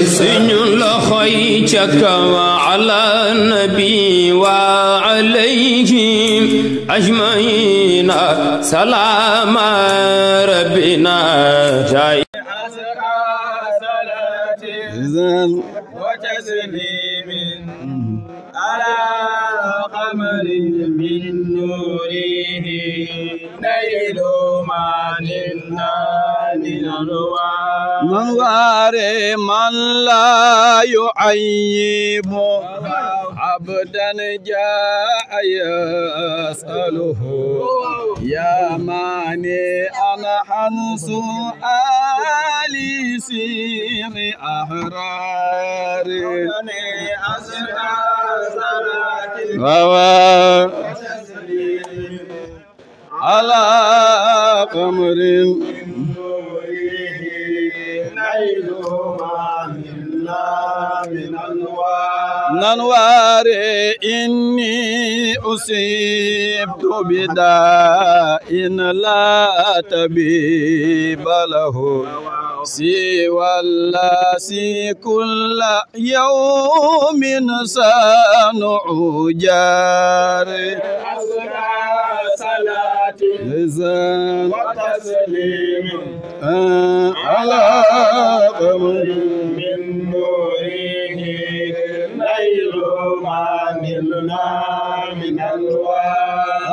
سن لخيتك وعلى النبي وعليهم أجمعين سلام ربنا جاي نوره نيل ما لله الأنوار من غير من لا يعيب عبدا جاء يسأله يا ماني أنا حنس آلي سير أحرار وما على قمر ننوار إني أصيبت بداء لا تبيب له سوى الذي كل يوم سنعجر صلاة وتسليم على قمر من نوره نيل ما نلنا من أنوار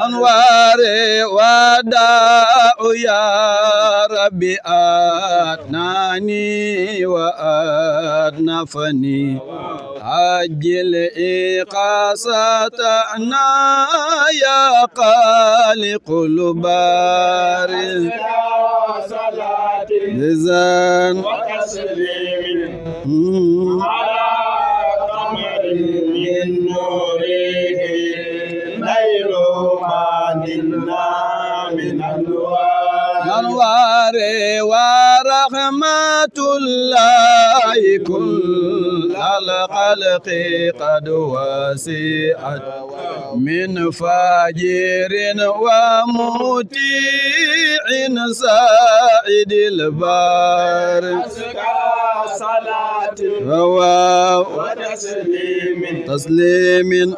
أنوار وداع يا رب أتناني وأتنفني عجل إقاصتنا يا قالق البار صلاة وتسليم الدار ورحمة الله كل الخلق قد وسعت من فاجر ومطيع سائد البار صلاة وتسليم تسليم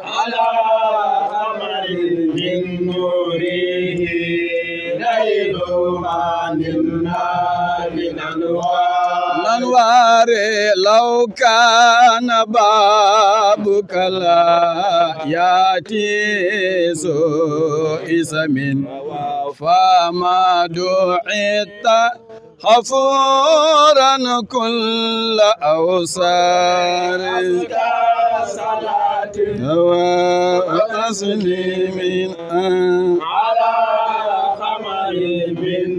ننواري لو كان بابك لا ياتي سوء سمين فما دعيت غفورا كل أوصار وتسليم على خمر من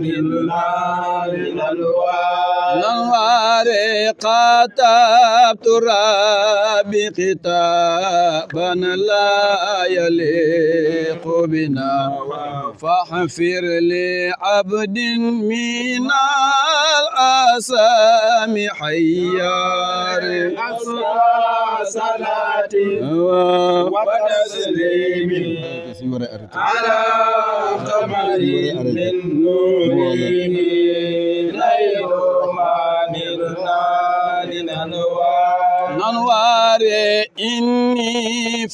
من نار الأنوار كتبت ربي كتابا لا يليق بنا فاحفر لي عبد من الأسام حيار صلاة وتسليم على قمر من نوره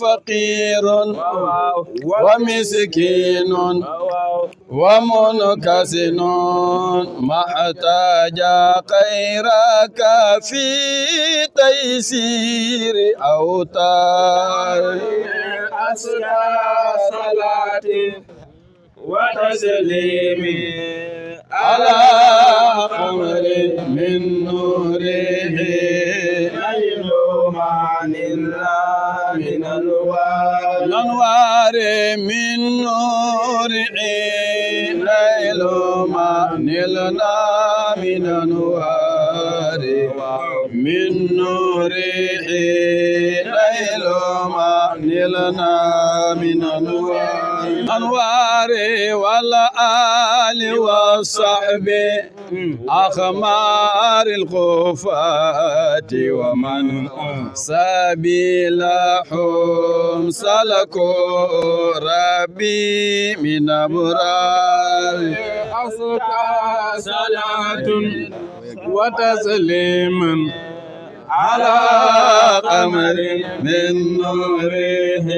فقير ومسكين ومنكسن محتاج خيرك في تيسير أوتار أسرى صلاة وتسليم على من نوره ليل ما نلنا من أنوار والآل والصحب أخمار الخفاة ومن سبيلهم سلكوا ربي من أبرار صلاة وتسليما على قمر من نوره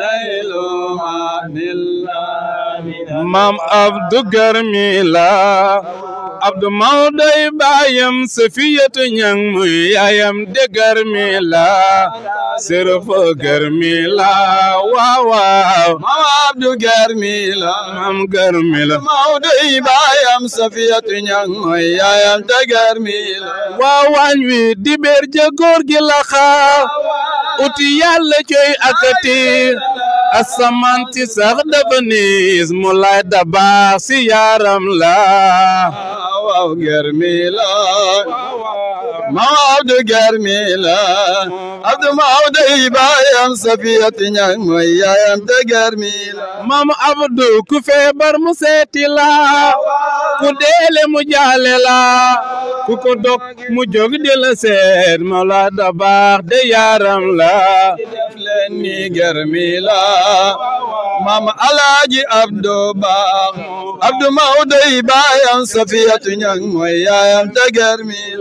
ليلها لله مام عبد قرمي لا abdu mawday baayam safiyatu ñang muy yaayam de garmi la sërëfo garmi la waaw waaw mam abdu garmi la mam garmi la mawday safiyatu ñang muy yaayam de garmi la waaw wi dibeer ja góor gi la xaa uti yàlla coy akati Asamanti ci sax dafa niis si yaram la waaw germi la maam Abdou germi la Abdou Maodo yi baayam Safiyatu Ñaŋ mooy yaayam de germi la maam Abdou ku feebar mu seeti la ku dele mu jale la ku ko dok mu jog de la seet mala lay de yaram la leen Niger mi la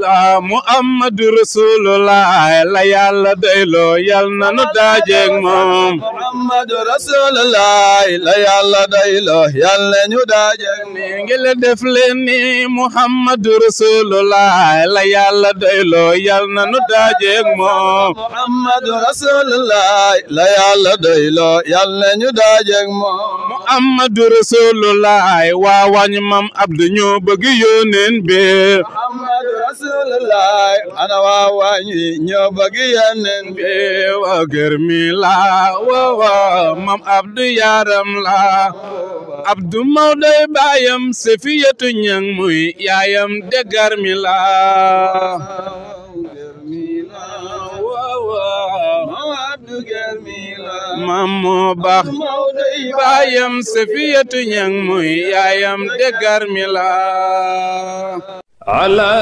la Muhammadu Rasulullah la yàlla doyloo yal na nu daajeeg moom Muhammadu Rasulullah la yàlla doyloo yal na ñu daajeeg Muhammadu Rasulullah la yàlla doyloo yal na nu moom la yàlla doy loo yàlla ñu daajeeg moom muhammadu rasulullah waa wañu mam abdu ñu bëgg yóneen bi muhammadu rasulullah ana waa wañu ñu bëgg yóneen bi waa kër mi la waa waa mam abdu yaaram la abdu mawday baayam sefiyatu ñang muy yaayam degar mi la maam moo baax baayam safiyatu ñang muy yaayam dëggar garmila. la ala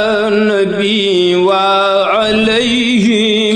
nabi wa alayhim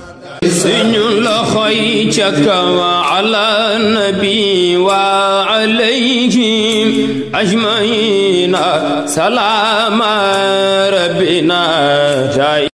سن لخي شك وعلى النبي وعليهم أجمعين سلام ربنا جاي